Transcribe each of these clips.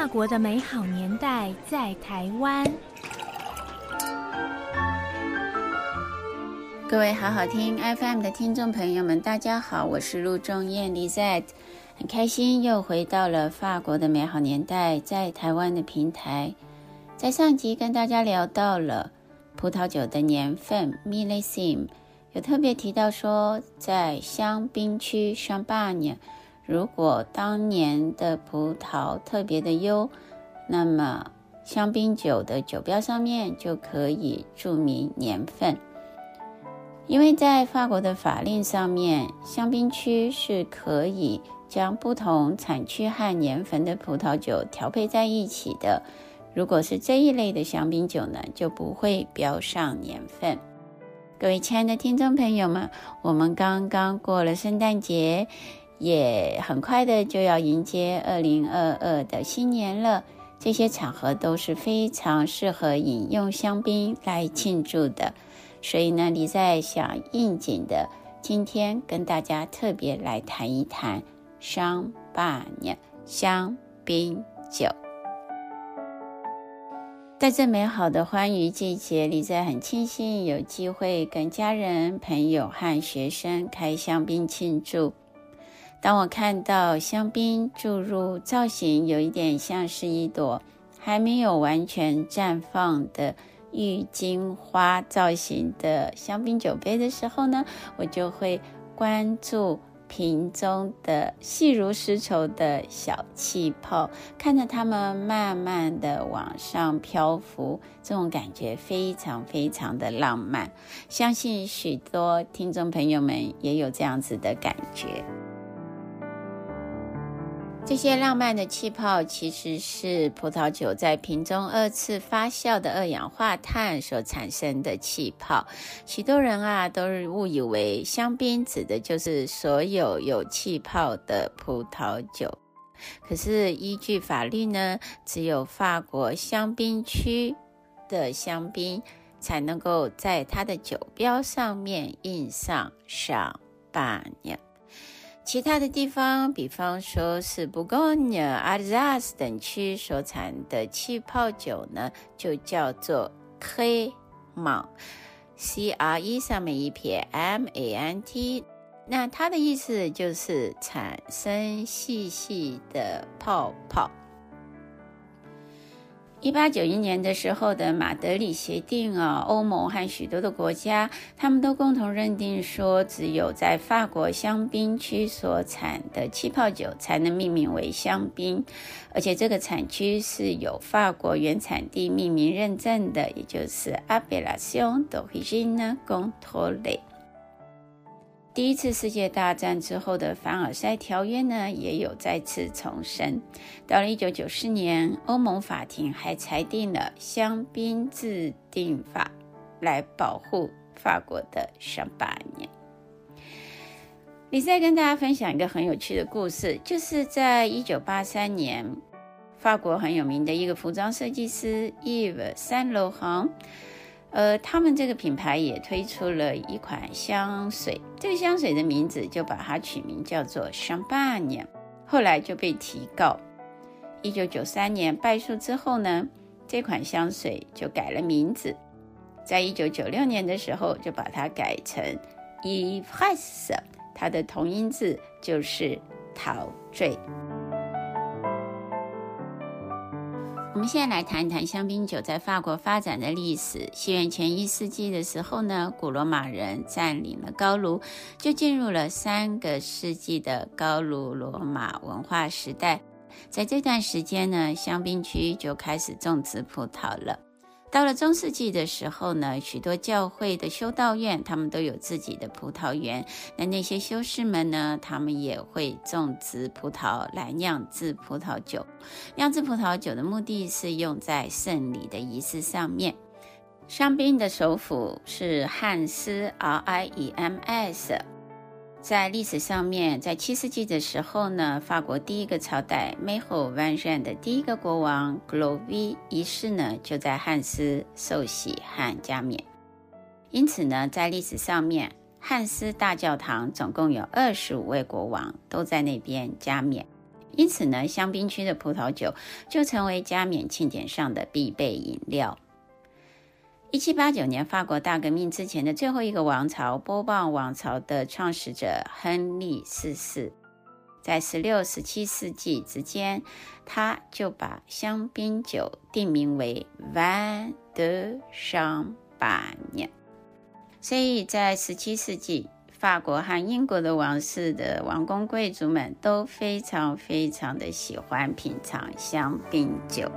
法國的美好年代在台灣，各位好好聽 FM 的聽眾朋友們，大家好，我是陸仲燕 Lizette，很開心又回到了法國的美好年代在台灣的平台。在上集跟大家聊到了葡萄酒的年份 millésime 有特別提到說在香檳區香檳區。如果當年的葡萄特別的優，那麼香檳酒的酒標上面就可以註明年份。因為在法國的法令上面，香檳區是可以將不同產區和年份的葡萄酒調配在一起的。如果是這一類的香檳酒呢，就不會標上年份。各位親愛的聽眾朋友們，我們剛剛過了聖誕節。也很快的就要迎接二零二二的新年了，這些場合都是非常適合飲用香檳來慶祝的。所以呢，你在想應景的，今天跟大家特別來談一談雙百年香檳酒。在這美好的歡愉季節，你在很慶幸有機會跟家人、朋友和學生開香檳慶祝。當我看到香檳注入造型有一點像是一朵還沒有完全綻放的鬱金花造型的香檳酒杯的時候呢，我就會關注瓶中的細如絲綢的小氣泡，看着它們慢慢的往上漂浮，這種感覺非常非常的浪漫。相信許多聽眾朋友們也有這樣子的感覺。這些浪漫的氣泡其實是葡萄酒在瓶中二次發酵的二氧化碳所產生的氣泡。許多人啊都是誤以為香檳指的就是所有有氣泡的葡萄酒，可是依據法律呢，只有法國香檳區的香檳才能夠在它的酒標上面印上「Champagne」。其他的地方，比方說是布貢、阿爾薩斯等區所產的氣泡酒呢，就叫做 ant, “黑芒 ”（C R E） 上面一撇 M A N T，那它的意思就是產生細細的泡泡。一八九一年的時候的馬德里協定啊，歐盟和許多的國家，他們都共同認定說，只有在法國香檳區所產的氣泡酒才能命名為香檳，而且這個產區是有法國原產地命名認證的，也就是 Appellation d'Origine Contrôlée 第一次世界大戰之後的《凡爾賽條約》呢，也有再次重申。到了一九九四年，歐盟法庭還裁定了香檳制定法來保護法國的上百年。我再跟大家分享一個很有趣的故事，就是在一九八三年，法國很有名的一個服裝設計師 Yves Saint Laurent，呃，而他們這個品牌也推出了一款香水，這個香水的名字就把它取名叫做 Champagne，後來就被提告。一九九三年敗訴之後呢，這款香水就改了名字，在一九九六年的時候就把它改成 Yvresse，它的同音字就是陶醉。我們現在來談一談香檳酒在法國發展的歷史。西元前一世紀的時候呢，古羅馬人佔領了高盧，就進入了三個世紀的高盧羅馬文化時代。在這段時間呢，香檳區就開始種植葡萄了。到了中世紀的時候呢，許多教會的修道院，他們都有自己的葡萄園。那那些修士們呢，他們也會種植葡萄來釀制葡萄酒。釀制葡萄酒的目的是用在聖禮的儀式上面。香檳的首府是漢斯 ·Riems。R I E M S 在歷史上面，在七世紀的時候呢，法國第一個朝代 m o a 梅侯萬山的第一個國王 g l 格羅維一世呢，就在漢斯受洗和加冕。因此呢，在歷史上面，漢斯大教堂總共有二十五位國王都在那邊加冕。因此呢，香檳區的葡萄酒就成為加冕慶典上的必備飲料。一七八九年，法國大革命之前的最後一個王朝波旁王朝的創始者亨利四世，在十六、十七世紀之間，他就把香檳酒定名為 “vin de Champagne”。所以在十七世紀，法國和英國的王室的王公貴族們都非常非常的喜歡品嘗香檳酒。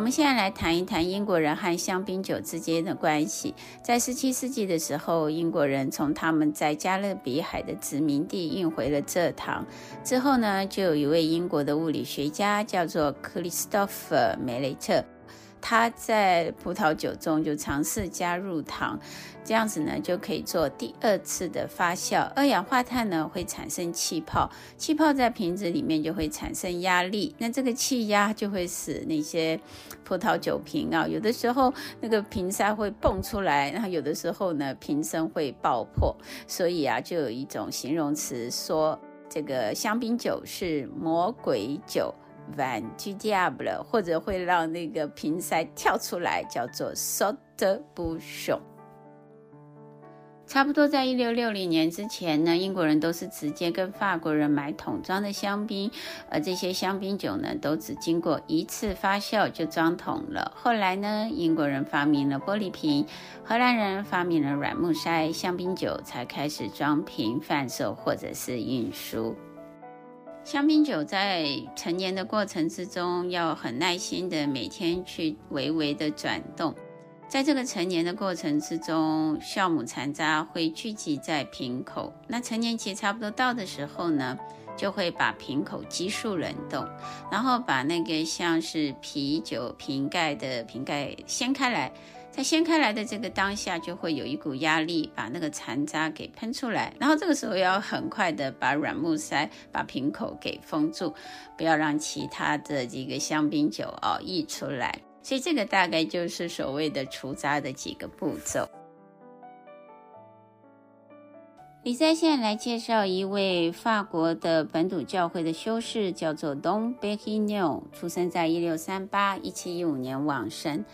我們現在來談一談英國人和香檳酒之間的關係。在十七世紀的時候，英國人從他們在加勒比海的殖民地運回了蔗糖。之後呢，就有一位英國的物理學家叫做克里斯多福·梅雷特。它在葡萄酒中就嘗試加入糖，這樣子呢就可以做第二次的發酵。二氧化碳呢會產生氣泡，氣泡在瓶子裡面就會產生壓力，那這個氣壓就會使那些葡萄酒瓶啊，有的時候那個瓶塞會蹦出來，然後有的時候呢瓶身會爆破，所以啊，就有一種形容詞說這個香檳酒是魔鬼酒。完，G T P 了，或者會讓那個瓶塞跳出來，叫做 s o t t bush”。差不多在一六六零年之前呢，英國人都是直接跟法國人買桶裝的香檳，而這些香檳酒呢，都只經過一次發酵就裝桶了。後來呢，英國人發明了玻璃瓶，荷蘭人發明了軟木塞香檳酒，香檳酒才開始裝瓶販售或者是運輸。香檳酒在陳年的過程之中，要很耐心的每天去微微的轉動。在這個陳年的過程之中，酵母殘渣會聚集在瓶口。那陳年期差不多到的時候呢，就會把瓶口急速冷凍，然後把那個像是啤酒瓶蓋的瓶蓋掀開來。在掀開來的這個當下，就會有一股壓力把那個殘渣給噴出來，然後這個時候要很快的把軟木塞把瓶口給封住，不要讓其他的這個香檳酒哦溢出來。所以這個大概就是所謂的除渣的幾個步驟。李在現來介紹一位法國的本篤會的修士，叫做 Dom Pérignon，出生在1638-1715年，往生。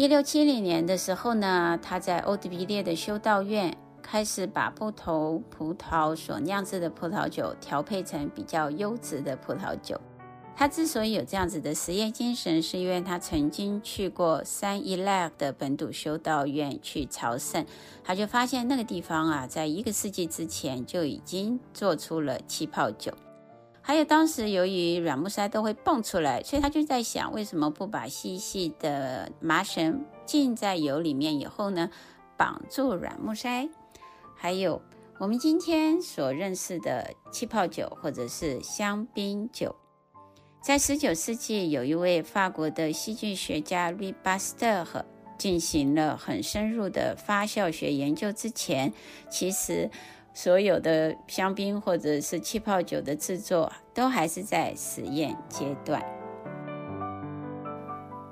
一六七零年的時候呢，他在歐迪比列的修道院開始把不同葡萄所釀製的葡萄酒調配成比較優質的葡萄酒。他之所以有這樣子的實驗精神，是因為他曾經去過山伊萊的本篤修道院去朝聖，他就發現那個地方啊，在一個世紀之前就已經做出了氣泡酒。還有當時由於軟木塞都會蹦出來，所以他就在想為什麼不把細細的麻繩浸在油裡面以後呢，綁住軟木塞？還有我們今天所認識的氣泡酒或者是香檳酒，在十九世紀有一位法國的細菌學家 Louis Pasteur 進行了很深入的發酵學研究之前，其實。所有的香檳或者是氣泡酒的製作都還是在實驗階段。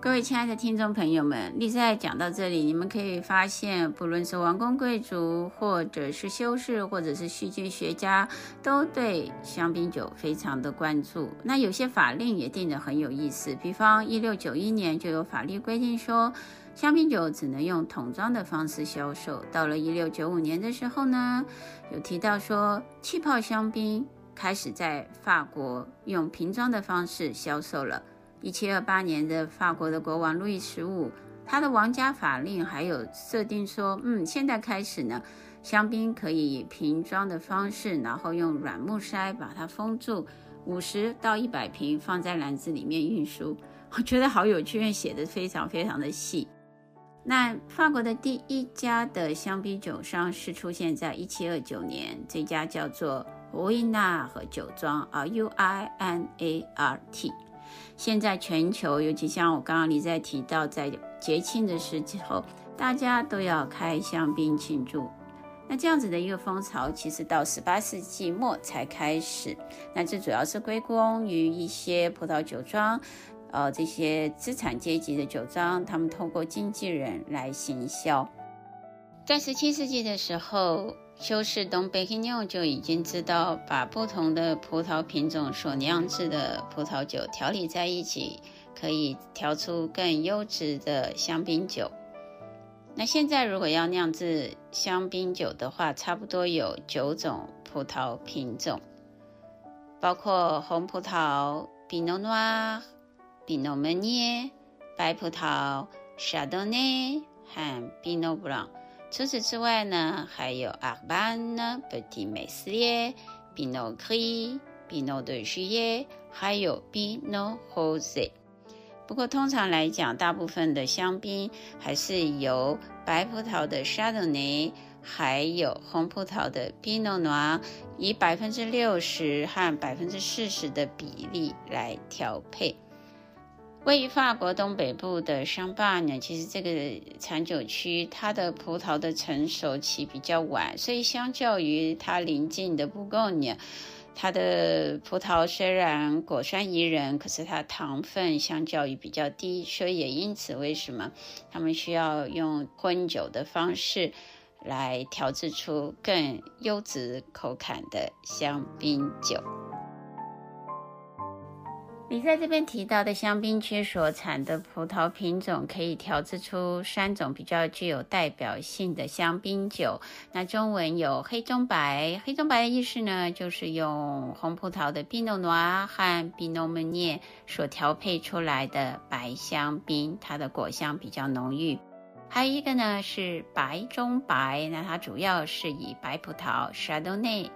各位親愛的聽眾朋友們，麗在講到這裡，你們可以發現，不論是王公貴族，或者是修士，或者是戲劇學家，都對香檳酒非常的關注。那有些法令也定得很有意思，比方一六九一年就有法律規定說，香檳酒只能用桶裝的方式銷售。到了一六九五年的時候呢，有提到說，氣泡香檳開始在法國用瓶裝的方式銷售了。一七二八年的法國的國王路易十五，他的王家法令還有設定說，嗯，現在開始呢，香檳可以以瓶裝的方式，然後用軟木塞把它封住，五十到一百瓶放在籃子裡面運輸。我覺得好有趣，寫得非常非常的細。那法國的第一家的香檳酒商是出現在一七二九年，這家叫做 Ruinart 和酒莊啊，R-U-I-N-A-R-T 現在全球，尤其像我剛剛你在提到，在節慶的時候，大家都要開香檳慶祝。那這樣子的一個風潮，其實到十八世紀末才開始。那這主要是歸功於一些葡萄酒莊。呃，這些資產階級的酒莊，他們通過經紀人來行銷。在十七世紀的時候，修士東貝尼奧就已經知道，把不同的葡萄品種所釀制的葡萄酒調理在一起，可以調出更優質的香檳酒。那現在，如果要釀制香檳酒的話，差不多有九種葡萄品種，包括紅葡萄、比諾努阿。皮諾墨尼耶，白葡萄、沙當內和皮諾布朗。除此之外呢，還有阿巴納、布蒂梅斯列、皮諾克里、皮諾德吉耶，還有皮諾豪塞。不過，通常來講，大部分的香檳還是由白葡萄的沙當內，還有紅葡萄的皮諾諾瓦，以百分之六十和百分之四十的比例來調配。位於法國東北部的香巴涅，其實這個產酒區它的葡萄的成熟期比較晚，所以相較於它臨近的布貢涅，它的葡萄雖然果酸怡人，可是它糖分相較於比較低，所以也因此為什麼他們需要用混酒的方式來調制出更優質口感的香檳酒。你在這邊提到的香檳區所產的葡萄品種，可以調制出三種比較具有代表性的香檳酒。那中文有黑中白，黑中白的意思呢，就是用紅葡萄的皮諾諾阿和皮諾蒙涅所調配出來的白香檳，它的果香比較濃郁。還有一個呢是白中白，那它主要是以白葡萄 Chardonnay，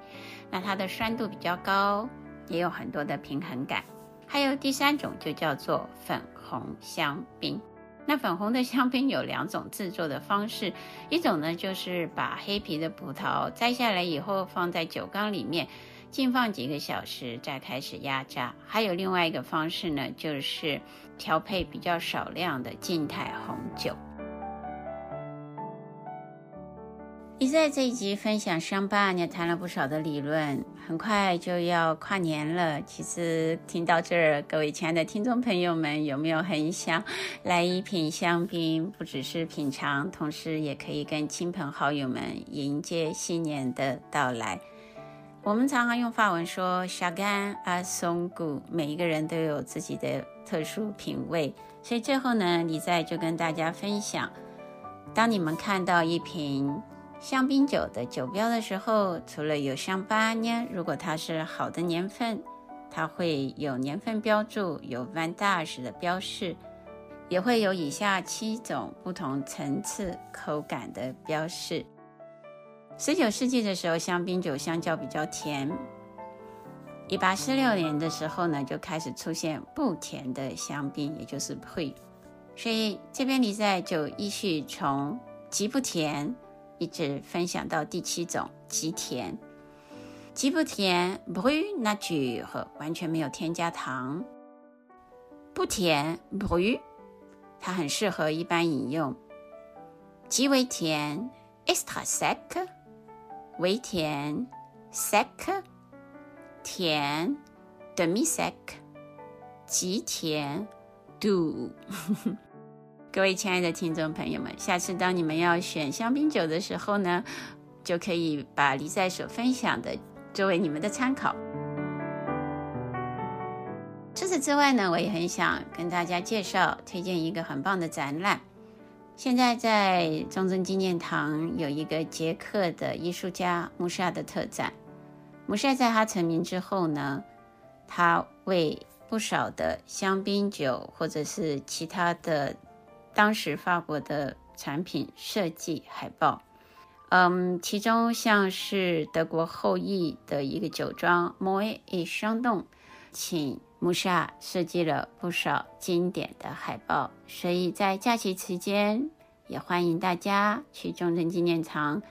那它的酸度比較高，也有很多的平衡感。還有第三種就叫做粉紅香檳。那粉紅的香檳有兩種制作的方式，一種呢就是把黑皮的葡萄摘下來以後放在酒缸裡面靜放幾個小時再開始壓榨；還有另外一個方式呢就是調配比較少量的靜態紅酒。你在這一集分享上半年談了不少的理論，很快就要跨年了。其實聽到這兒，各位親愛的聽眾朋友們，有沒有很想來一瓶香檳？不只是品嘗，同時也可以跟親朋好友們迎接新年的到來。我們常常用法文說 s h a g r n a s o 每一個人都有自己的特殊品味。所以最後呢，你在就跟大家分享：當你們看到一瓶。香檳酒的酒標的時候，除了有香巴呢，如果它是好的年份，它會有年份標註，有 Vendage 的標示，也會有以下七種不同層次口感的標示。十九世紀的時候，香檳酒相較比較甜。一八四六年的時候呢，就開始出現不甜的香檳，也就是會，所以這邊你在就依序從極不甜。一直分享到第七種，極甜，極不甜，Brut Nature 完全沒有添加糖，不甜，Brut。它很適合一般飲用，極微甜，Extra Sec，微甜，Sec，甜，Demi-Sec，極甜，Doux。 各位親愛的聽眾朋友們，下次當你們要選香檳酒的時候呢，就可以把李塞所分享的作為你們的參考。除此之外呢，我也很想跟大家介紹、推薦一個很棒的展覽。現在在中正紀念堂有一個捷克的藝術家穆夏的特展。穆夏在他成名之後呢，他為不少的香檳酒或者是其他的。當時法國的產品設計海報，嗯，其中像是德國後裔的一個酒莊 Moët & Chandon，請穆沙設計了不少經典的海報。所以在假期期間，也歡迎大家去中正紀念堂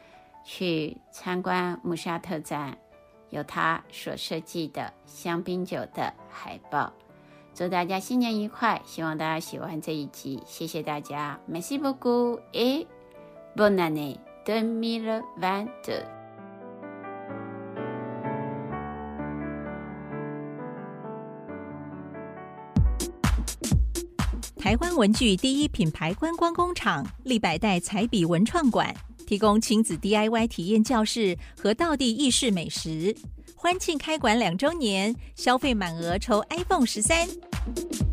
去參觀穆沙特展，有他所設計的香檳酒的海報。祝大家新年愉快！希望大家喜歡這一集，謝謝大家。Merci beaucoup. Bonne année deux mille vingt-deux. 台灣文具第一品牌觀光工廠，立百代彩筆文創館，提供親子 DIY 體驗教室和道地意式美食。歡慶開館兩週年，消費滿額抽 iPhone 13。